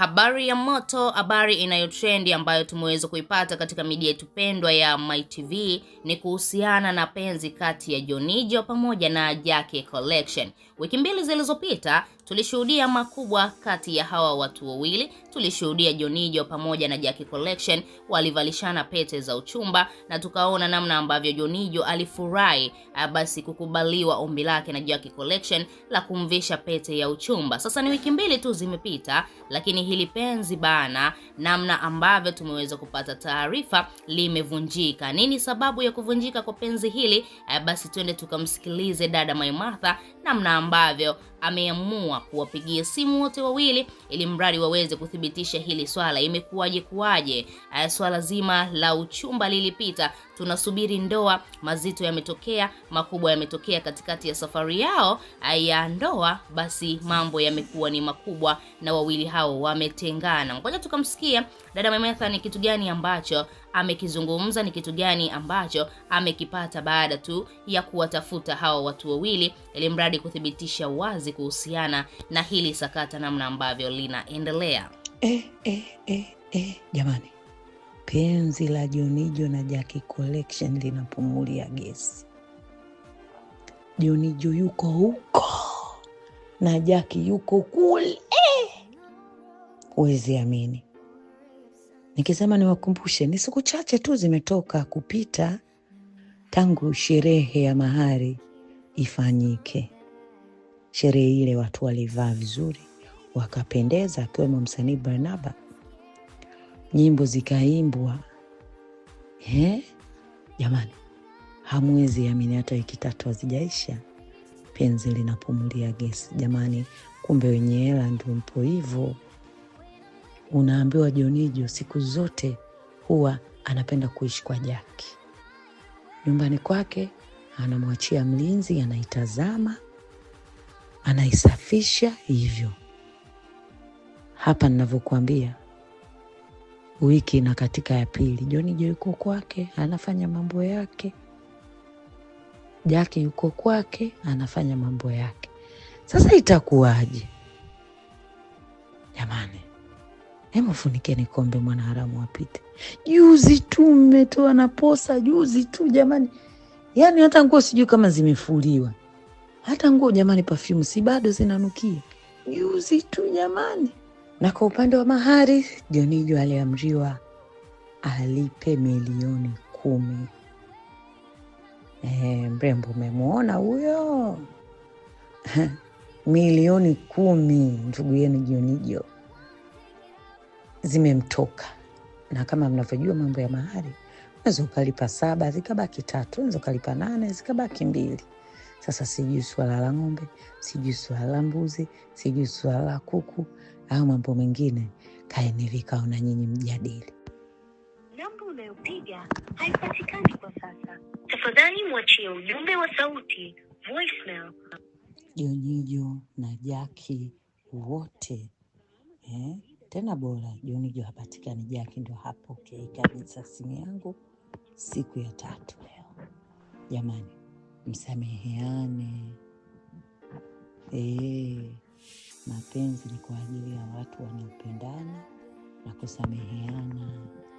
Habari ya moto, habari inayotrendi ambayo tumeweza kuipata katika media yetu pendwa ya MyTV ni kuhusiana na penzi kati ya Jonijo pamoja na Jackie Collection. Wiki mbili zilizopita Tulishuhudia makubwa kati ya hawa watu wawili. Tulishuhudia Jonijo pamoja na Jackie Collection walivalishana pete za uchumba na tukaona namna ambavyo Jonijo alifurahi ah, basi kukubaliwa ombi lake na Jackie Collection la kumvisha pete ya uchumba. Sasa ni wiki mbili tu zimepita, lakini hili penzi bana, namna ambavyo tumeweza kupata taarifa, limevunjika. Nini sababu ya kuvunjika kwa penzi hili? Ah, basi twende tukamsikilize dada Maimartha namna ambavyo ameamua kuwapigia simu wote wawili, ili mradi waweze kuthibitisha hili swala, imekuwaje kuwaje, swala zima la uchumba lilipita, tunasubiri ndoa. Mazito yametokea, makubwa yametokea katikati ya safari yao ya ndoa, basi mambo yamekuwa ni makubwa na wawili hao wametengana. Ngoja tukamsikia dada Memetha ni kitu gani ambacho amekizungumza, ni kitu gani ambacho amekipata baada tu ya kuwatafuta hawa watu wawili, ili mradi kuthibitisha wazi kuhusiana na hili sakata, namna ambavyo linaendelea. e, e, e, e. jamani, penzi la Jonijo na jaki Collection linapumulia gesi. Jonijo yuko huko na jaki yuko kule, huwezi amini. Nikisema niwakumbushe, ni siku chache tu zimetoka kupita tangu sherehe ya mahari ifanyike. Sherehe ile watu walivaa vizuri, wakapendeza, akiwemo msanii Barnaba, nyimbo zikaimbwa. jamani, hamwezi amini, hata wiki tatu hazijaisha, penzi linapumulia gesi. Jamani, kumbe wenye hela ndio mpo hivo unaambiwa Jonijo siku zote huwa anapenda kuishi kwa Jaki. Nyumbani kwake anamwachia mlinzi, anaitazama, anaisafisha. Hivyo hapa ninavyokuambia, wiki na katika ya pili Jonijo yuko kwake anafanya mambo yake, Jaki yuko kwake anafanya mambo yake. Sasa itakuwaje jamani? Hema, funikeni kombe, mwanaharamu apite. Juzi tu mmetoa na posa, juzi tu jamani, yani hata nguo sijui kama zimefuliwa, hata nguo jamani, pafyumu si bado zinanukia, juzi tu jamani. Na kwa upande wa mahari, Jonijo aliamriwa alipe milioni kumi. E, mrembo umemwona huyo? milioni kumi, ndugu yenu Jonijo zimemtoka, na kama mnavyojua mambo ya mahari, unaweza ukalipa saba zikabaki tatu, unaweza ukalipa nane zikabaki mbili. Sasa sijui swala la ng'ombe, sijui swala la mbuzi, sijui swala la kuku au mambo mengine. Kaeni vikao na nyinyi mjadili. Namba unayopiga haipatikani kwa sasa, tafadhali mwachie ujumbe wa sauti Jonyijo na Jaki wote eh? tena bora jioni jo hapatikani jaki, ndo hapo okay kabisa. Simu yangu siku ya tatu leo, jamani, msameheane. E, mapenzi ni kwa ajili ya watu wanaopendana na kusameheana.